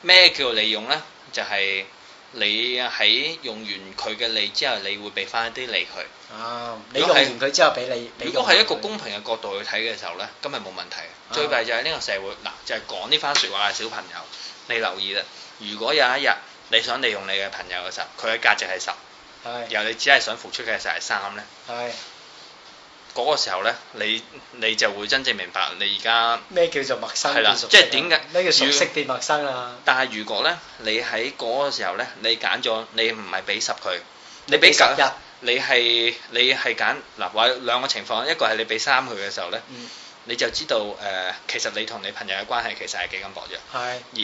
咩叫利用呢？就係、是。你喺用完佢嘅利之後，你會俾翻一啲利佢。啊，你用完佢之後俾利。你如果係一個公平嘅角度去睇嘅時候呢，咁係冇問題。最弊就係呢個社會，嗱、啊、就係、是、講呢番説話嘅小朋友，你留意啦。如果有一日你想利用你嘅朋友嘅時候，佢嘅價值係十，然後是你只係想付出嘅時候係三咧。嗰個時候咧，你你就會真正明白你而家咩叫做陌生變熟悉、啊、即係點解咩叫熟悉變陌生啊？但係如果咧，你喺嗰個時候咧，你揀咗你唔係俾十佢，你俾九比，你係你係揀嗱，兩個情況，一個係你俾三佢嘅時候咧。嗯。你就知道誒、呃，其實你同你朋友嘅關係其實係幾咁薄弱。係是。而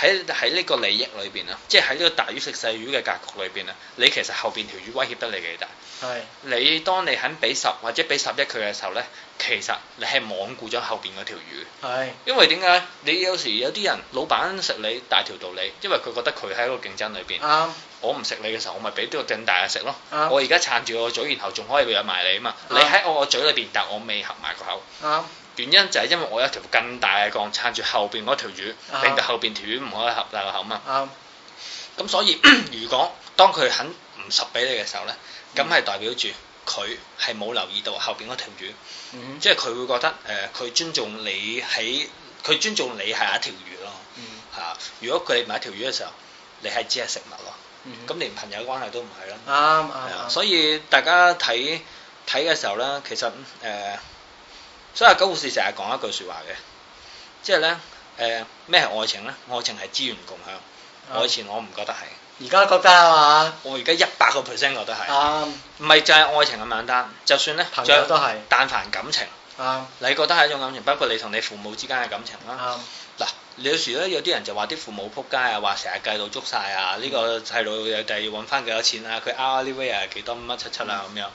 喺喺呢個利益裏邊啊，即係喺呢個大魚食細魚嘅格局裏邊啊，你其實後邊條魚威脅得你幾大？係是。你當你肯俾十或者俾十一佢嘅時候咧，其實你係罔顧咗後邊嗰條魚。是因為點解？你有時有啲人老闆食你大條道理，因為佢覺得佢喺一個競爭裏邊。啱、嗯。我唔食你嘅時候，我咪俾呢個更大嘅食咯。我而家撐住我個嘴，然後仲可以入埋你啊嘛。你喺我個嘴裏邊，但我未合埋個口。原因就係因為我有條更大嘅鋼撐住後邊嗰條魚，令到後邊條魚唔可以合大個口嘛。咁所以，如果當佢肯唔熟俾你嘅時候咧，咁係代表住佢係冇留意到後邊嗰條魚，即係佢會覺得誒，佢尊重你喺佢尊重你係一條魚咯。嚇！如果佢係買一條魚嘅時候，你係只係食物咯。咁、嗯、連朋友關係都唔係啦，啱啱，嗯，嗯、所以大家睇睇嘅時候咧，其實誒、呃，所以阿狗護士成日講一句說話嘅，即係咧，誒咩係愛情咧？愛情係資源共享，嗯、愛情我唔覺得係，而家覺得啊嘛，我而家一百個 percent 我都係，唔係淨係愛情咁簡單，就算咧朋友都係，但凡感情，嗯、你覺得係一種感情，包括你同你父母之間嘅感情啦。嗯嗯你有時咧，有啲人就話啲父母撲街啊，話成日計到捉晒啊，呢、嗯、個細路又第要揾翻幾多錢啊，佢啊呢位啊幾多乜七七啊咁樣，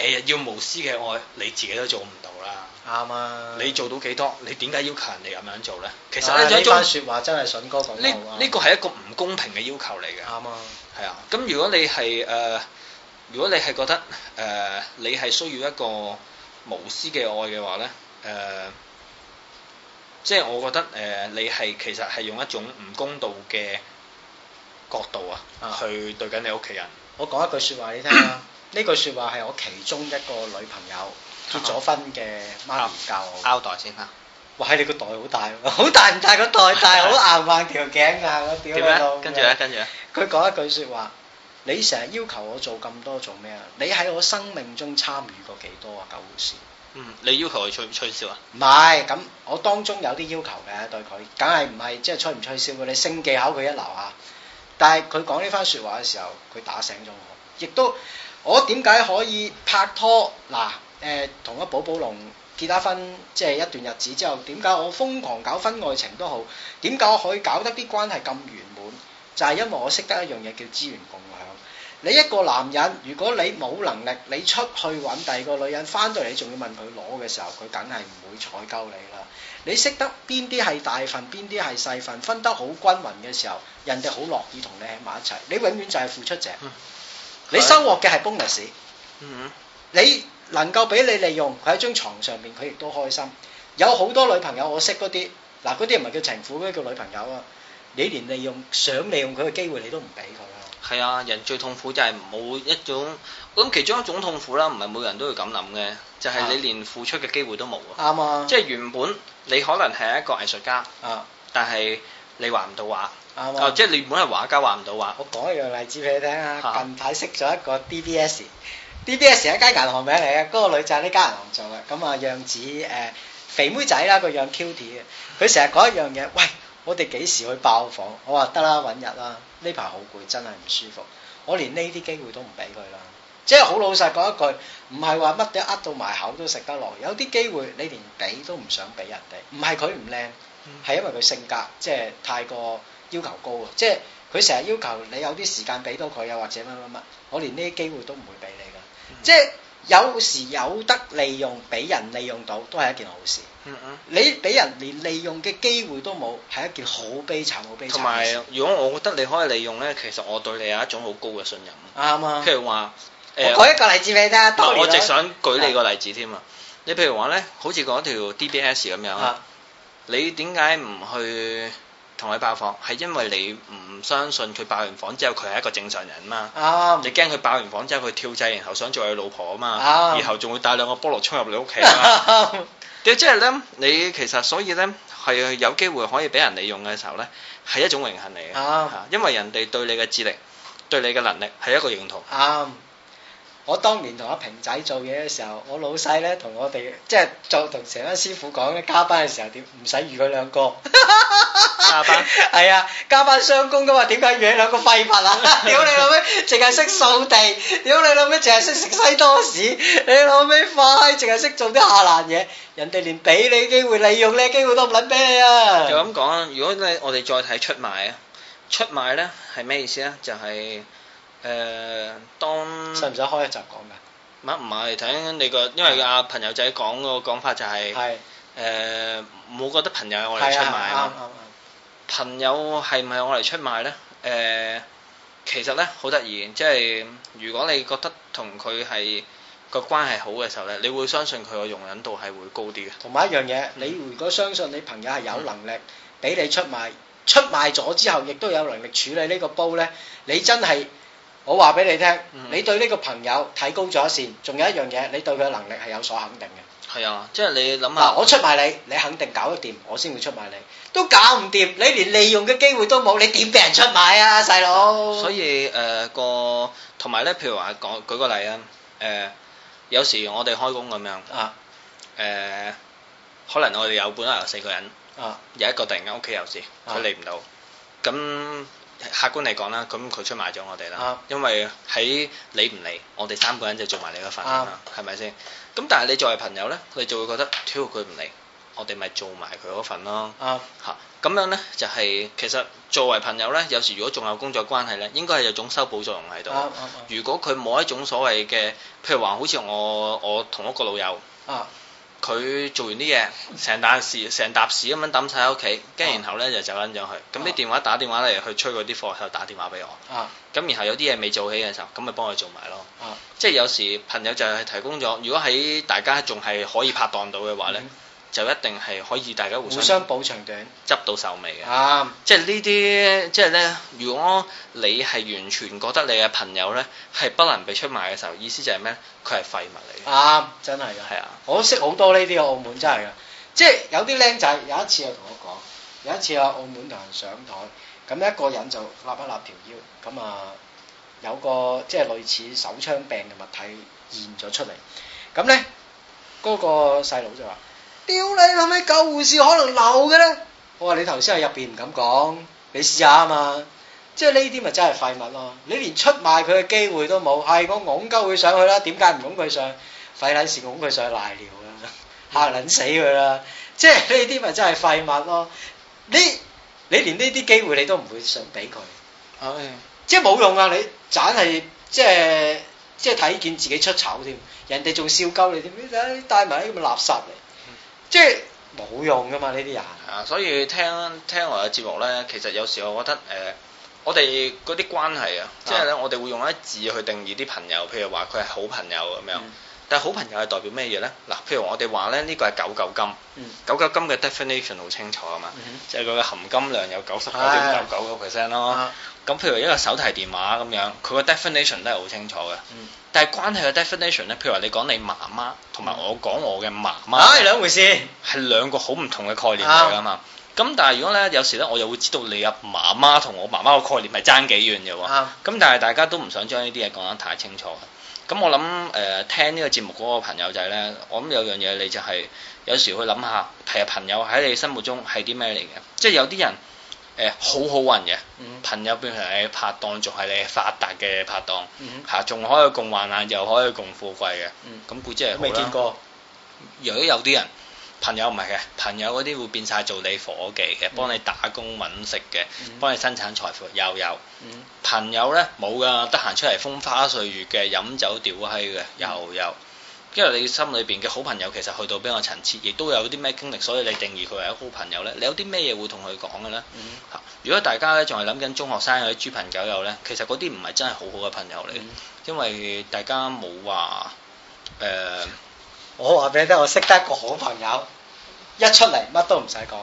成日要無私嘅愛，你自己都做唔到啦。啱啊！你做到幾多？你點解要求人哋咁樣做咧？其實咧、嗯，呢番説話真係筍哥講得好啱。呢呢個係一個唔公平嘅要求嚟嘅。啱啊、嗯！係啊，咁如果你係誒、呃，如果你係覺得誒、呃，你係需要一個無私嘅愛嘅話咧，誒、呃。即係我覺得誒，你係其實係用一種唔公道嘅角度啊，去對緊你屋企人。我講一句說話你聽下：呢 句說話係我其中一個女朋友結咗婚嘅媽咪教我。拗袋先吓。哇！你個袋好大，好大唔大個袋大，但係好硬硬條頸、那個，啊。我屌你老母。點咧？跟住咧，跟住咧。佢講一句說話：你成日要求我做咁多做咩啊？你喺我生命中參與過幾多啊？狗屎！嗯，你要求佢吹唔吹簫啊？唔係，咁我當中有啲要求嘅，對佢，梗係唔係即係吹唔吹簫嘅，你性技巧佢一流啊！但係佢講呢番說話嘅時候，佢打醒咗我，亦都我點解可以拍拖嗱？誒，同阿寶寶龍結咗婚，即係、就是、一段日子之後，點解我瘋狂搞婚外情都好，點解我可以搞得啲關係咁圓滿？就係、是、因為我識得一樣嘢叫資源共。你一個男人，如果你冇能力，你出去揾第二個女人，翻到嚟你仲要問佢攞嘅時候，佢梗係唔會睬鳩你啦。你識得邊啲係大份，邊啲係細份，分得好均匀嘅時候，人哋好樂意同你喺埋一齊。你永遠就係付出者，你收穫嘅係 bonus。嗯，你能夠俾你利用佢喺張床上面，佢亦都開心。有好多女朋友我識嗰啲，嗱嗰啲唔係叫情婦，嗰啲叫女朋友啊。你連利用想利用佢嘅機會，你都唔俾佢。係啊，人最痛苦就係冇一種，咁其中一種痛苦啦，唔係每個人都會咁諗嘅，就係、是、你連付出嘅機會都冇啊。啱啊！即係原本你可能係一個藝術家啊，但係你畫唔到畫。啱、啊啊、即係你原本係畫家，畫唔到畫。我講一樣例子俾你聽啊，近排識咗一個 D B S，D B S 一間銀行名嚟嘅，嗰、那個女仔呢間銀行做嘅，咁啊樣子誒、呃、肥妹仔啦，個樣 cute 嘅，佢成日講一樣嘢，喂，我哋幾時去爆房？我話得啦，搵日啦。呢排好攰，真係唔舒服。我連呢啲機會都唔俾佢啦，即係好老實講一句，唔係話乜嘢呃到埋口都食得落。有啲機會你連俾都唔想俾人哋，唔係佢唔靚，係因為佢性格即係、就是、太過要求高啊！即係佢成日要求你有啲時間俾到佢啊，或者乜乜乜，我連呢啲機會都唔會俾你噶。即係有時有得利用，俾人利用到都係一件好事。你俾人連利用嘅機會都冇，係一件好悲慘、好悲慘嘅事。同埋，如果我覺得你可以利用咧，其實我對你有一種好高嘅信任。啱啊。譬如話，誒、呃，我舉一個例子俾你聽。唔我直想舉你個例子添啊。你譬如話咧，好似講條 D B S 咁樣，啊、你點解唔去同佢爆房？係因為你唔相信佢爆完房之後，佢係一個正常人嘛？啊、你驚佢爆完房之後，佢跳掣，然後想做佢老婆啊嘛？啊以然後仲會帶兩個菠蘿衝入你屋企 即係咧，你其實所以咧係有機會可以俾人利用嘅時候咧，係一種榮幸嚟嘅。啊，因為人哋對你嘅智力、對你嘅能力係一個認同。啊嗯我當年同阿平仔做嘢嘅時，時候，我老細咧同我哋即係就同成班師傅講咧，加班嘅時候點唔使預佢兩個，係 啊，加班雙工噶嘛，點解預起兩個廢物啊？屌 你老味，淨係識掃地，屌你老味，淨係識食西多士，你老尾快淨係識做啲下爛嘢，人哋連俾你機會，利用你嘅機會都唔撚俾你啊！就咁講啊！如果你我哋再睇出賣啊，出賣咧係咩意思咧？就係，是。誒，當使唔使開一集講嘅？乜唔係？睇你個，因為阿朋友仔講個講法就係，係誒，冇覺得朋友係我嚟出賣。啱啱，朋友係唔係我嚟出賣咧？誒，其實咧好得意，即係如果你覺得同佢係個關係好嘅時候咧，你會相信佢個容忍度係會高啲嘅。同埋一樣嘢，你如果相信你朋友係有能力俾你出賣，出賣咗之後亦都有能力處理呢個煲咧，你真係。我話俾你聽，你對呢個朋友睇高咗一線，仲有一樣嘢，你對佢嘅能力係有所肯定嘅。係啊，即係你諗下、啊，我出賣你，你肯定搞得掂，我先會出賣你。都搞唔掂，你連利用嘅機會都冇，你點俾人出賣啊，細佬？所以誒、呃、個同埋咧，譬如話講舉，舉個例啊，誒、呃、有時我哋開工咁樣啊，誒、呃、可能我哋有本來有四個人啊，有一個突然間屋企有事，佢嚟唔到，咁、啊。客觀嚟講啦，咁佢出賣咗我哋啦，啊、因為喺你唔嚟，我哋三個人就做埋你嗰份啦，係咪先？咁但係你作為朋友呢，你就會覺得，如佢唔嚟，我哋咪做埋佢嗰份咯，吓、啊，咁、啊、樣咧就係、是，其實作為朋友呢，有時如果仲有工作關係呢，應該係有種修補作用喺度、啊。啊啊、如果佢冇一種所謂嘅，譬如話好似我我同一個老友。啊佢做完啲嘢，成笪屎成沓屎咁樣抌晒喺屋企，跟住然後咧就走撚咗去。咁啲、啊、電話，打電話嚟去催佢啲貨，又打電話俾我。咁、啊、然後有啲嘢未做起嘅時候，咁咪幫佢做埋咯。啊、即係有時朋友就係提供咗，如果喺大家仲係可以拍檔到嘅話咧。嗯就一定係可以，大家互相互相補長短，執到手尾嘅。啊，即係呢啲，即係咧。如果你係完全覺得你嘅朋友咧係不能被出賣嘅時候，意思就係咩？佢係廢物嚟嘅。啱、啊，真係嘅。係啊，啊我識好多呢啲啊，澳門真係嘅。即係有啲僆仔，有一次又同我講，有一次啊，澳門同人上台，咁一個人就立一立條腰，咁啊有個即係、即係、類似手槍病嘅物體現咗出嚟，咁咧嗰個細佬就話。屌你，諗起舊護士可能漏嘅咧，我話你頭先喺入邊唔敢講，你試下啊嘛，即係呢啲咪真係廢物咯。你連出賣佢嘅機會都冇，係、哎、我拱鳩佢上去啦。點解唔拱佢上廢捻事拱佢上瀨尿啊？吓 撚死佢啦！即係呢啲咪真係廢物咯。你你連呢啲機會你都唔會想俾佢，唉，即係冇用啊！你盞係即係即係睇見自己出醜添，人哋仲笑鳩你添，你睇你帶埋啲咁嘅垃圾嚟。即係冇用㗎嘛，呢啲人，啊，所以聽聽落個節目咧，其實有時我覺得，誒、呃，我哋嗰啲關係啊，即係咧，我哋會用一字去定義啲朋友，譬如話佢係好朋友咁樣。嗯但係好朋友係代表咩嘢咧？嗱，譬如我哋話咧，呢個係九九金，九九金嘅 definition 好清楚啊嘛，即係佢嘅含金量有九十九點九九個 percent 咯。咁譬如一個手提電話咁樣，佢個 definition 都係好清楚嘅。但係關係嘅 definition 咧，譬如話你講你媽媽同埋我講我嘅媽媽，係兩回事，係兩個好唔同嘅概念嚟㗎嘛。咁但係如果咧有時咧，我又會知道你阿媽媽同我媽媽嘅概念係爭幾遠嘅喎。咁但係大家都唔想將呢啲嘢講得太清楚。咁我諗誒、呃、聽呢個節目嗰個朋友就係咧，我諗有樣嘢你就係有時去諗下，其實朋友喺你心目中係啲咩嚟嘅？即係有啲人誒、呃、好好運嘅，嗯、朋友變成你拍檔，仲係你發達嘅拍檔，嚇、嗯，仲、啊、可以共患難，又可以共富貴嘅。咁固然即係好啦。我未見過。由於有啲人。朋友唔係嘅，朋友嗰啲會變晒做你伙計嘅，幫、嗯、你打工揾食嘅，幫、嗯、你生產財富，又有。嗯、朋友呢，冇噶，得閒出嚟風花雪月嘅，飲酒屌閪嘅，嗯、又有。因為你心裏邊嘅好朋友，其實去到邊個層次，亦都有啲咩經歷，所以你定義佢係一個好朋友呢。你有啲咩嘢會同佢講嘅呢？嗯、如果大家呢，仲係諗緊中學生嗰啲豬朋狗友呢，其實嗰啲唔係真係好好嘅朋友嚟，嗯、因為大家冇話誒。呃我話俾你聽，我識得一個好朋友，一出嚟乜都唔使講。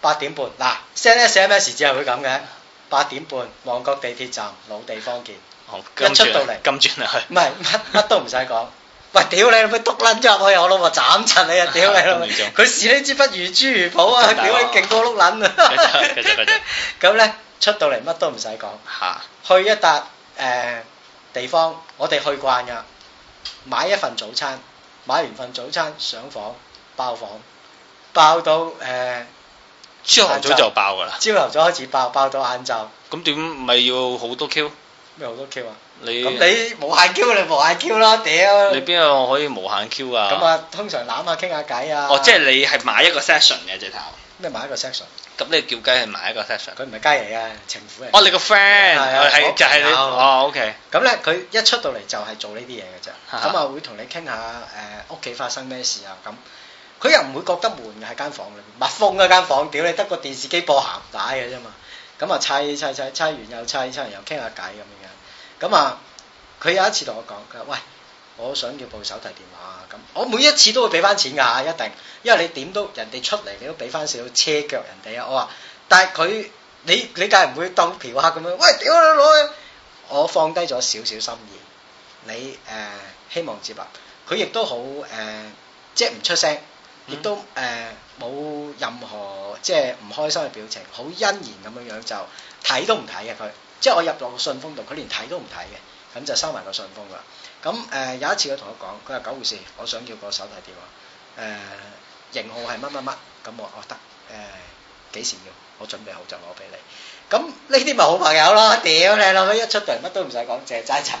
八點半嗱 send S M S 只係會咁嘅。八點半，旺角地鐵站老地方見。一出到嚟，咁轉嚟去。唔係乜乜都唔使講。喂，屌你咪碌撚入去，我老婆斬親你啊！屌你，佢士多支不如豬魚普啊！屌你，勁過碌撚啊！咁咧，出到嚟乜都唔使講，去一笪誒地方，我哋去慣噶，買一份早餐。買完份早餐上房爆房，爆到誒，朝頭早就爆噶啦，朝頭早就開始爆，爆到晏晝。咁點咪要好多 Q？咩好多 Q 啊？你你無限 Q 你無限 Q 啦，屌！你邊個我可以無限 Q 啊？咁啊，通常攬下傾下偈啊。哦，即係你係買一個 session 嘅直頭。即買一個 section，咁你叫雞係買一個 section，佢唔係雞嚟嘅，情婦嚟。哦，你個 friend 係啊係就係你。哦，OK。咁咧，佢一出到嚟就係做呢啲嘢嘅啫。咁啊，會同你傾下誒，屋企發生咩事啊？咁佢又唔會覺得悶喺間房裏邊，密封嘅間房，屌你得個電視機播鹹帶嘅啫嘛。咁啊，砌砌砌砌完又砌，砌完又傾下偈咁樣。咁啊，佢有一次同我講，佢喂。我想要部手提電話咁，我每一次都會俾翻錢㗎，一定，因為你點都人哋出嚟，你都俾翻少少車腳人哋啊！我話，但係佢你你梗係唔會當嫖客咁樣，喂，屌你老豆，我放低咗少少心意，你誒、呃、希望接納佢亦都好誒、呃，即係唔出聲，亦都誒冇、呃、任何即係唔開心嘅表情，好欣然咁樣樣就睇都唔睇嘅佢，即係我入落個信封度，佢連睇都唔睇嘅，咁就收埋個信封啦。咁誒、呃、有一次佢同我講，佢話九回事，我想要個手提電話，誒、呃、型號係乜乜乜，咁我哦得誒幾、呃、時要，我準備好就攞俾你。咁呢啲咪好朋友咯，屌你老母，一出到嚟乜都唔使講，淨係爭齊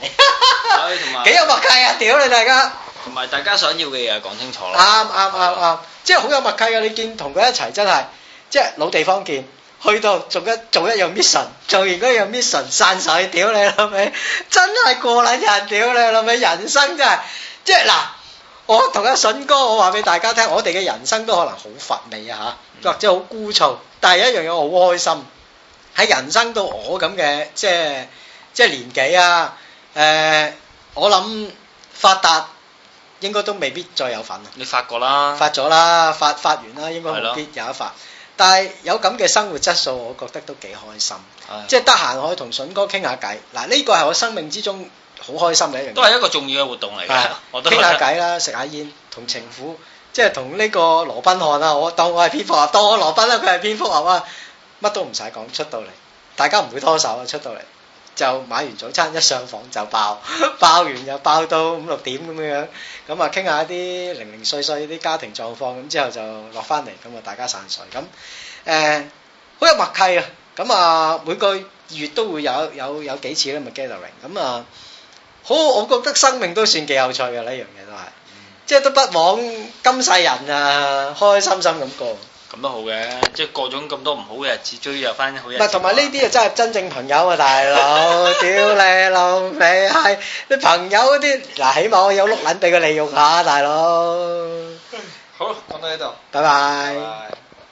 幾 有默契啊！屌你大家，同埋大家想要嘅嘢講清楚咯，啱啱啱啱，即係好有默契嘅。你見同佢一齊真係即係老地方見。去到做一做一樣 mission，做完嗰樣 mission 散曬，屌你老味！真係過撚日，屌你老味！人生真係即係嗱，我同阿筍哥我，我話俾大家聽，我哋嘅人生都可能好乏味啊嚇，或者好枯燥，但係一樣嘢我好開心。喺人生到我咁嘅即係即係年紀啊，誒、呃，我諗發達應該都未必再有份啦。你發過啦，發啦，發咗啦，發發完啦，應該未對的 必有一發。但係有咁嘅生活質素，我覺得都幾開心，唉即係得閒可以同筍哥傾下偈。嗱，呢個係我生命之中好開心嘅一樣，都係一個重要嘅活動嚟嘅。傾下偈啦，食下煙，同 情婦，嗯、即係同呢個羅賓漢啊！我當我係蝙蝠俠，當我羅賓啦、啊，佢係蝙蝠俠啊，乜都唔使講出到嚟，大家唔會拖手啊，出到嚟。就買完早餐一上房就爆， 爆完又爆到五六點咁樣樣，咁啊傾下一啲零零碎碎啲家庭狀況，咁之後就落翻嚟，咁啊大家散水，咁誒好有默契啊，咁啊每個月都會有有有幾次咧，咪 gathering，咁啊好，我覺得生命都算幾有趣嘅呢樣嘢都係，即係都不枉今世人啊，開開心心咁過。咁都好嘅，即係各種咁多唔好嘅日子，追入翻好日子嗱，同埋呢啲啊，真係真正朋友啊，大佬，屌 你老味閪，你朋友嗰啲，嗱，起碼我有碌撚俾佢利用下，啊，大佬。好，講到呢度，拜拜 bye。Bye bye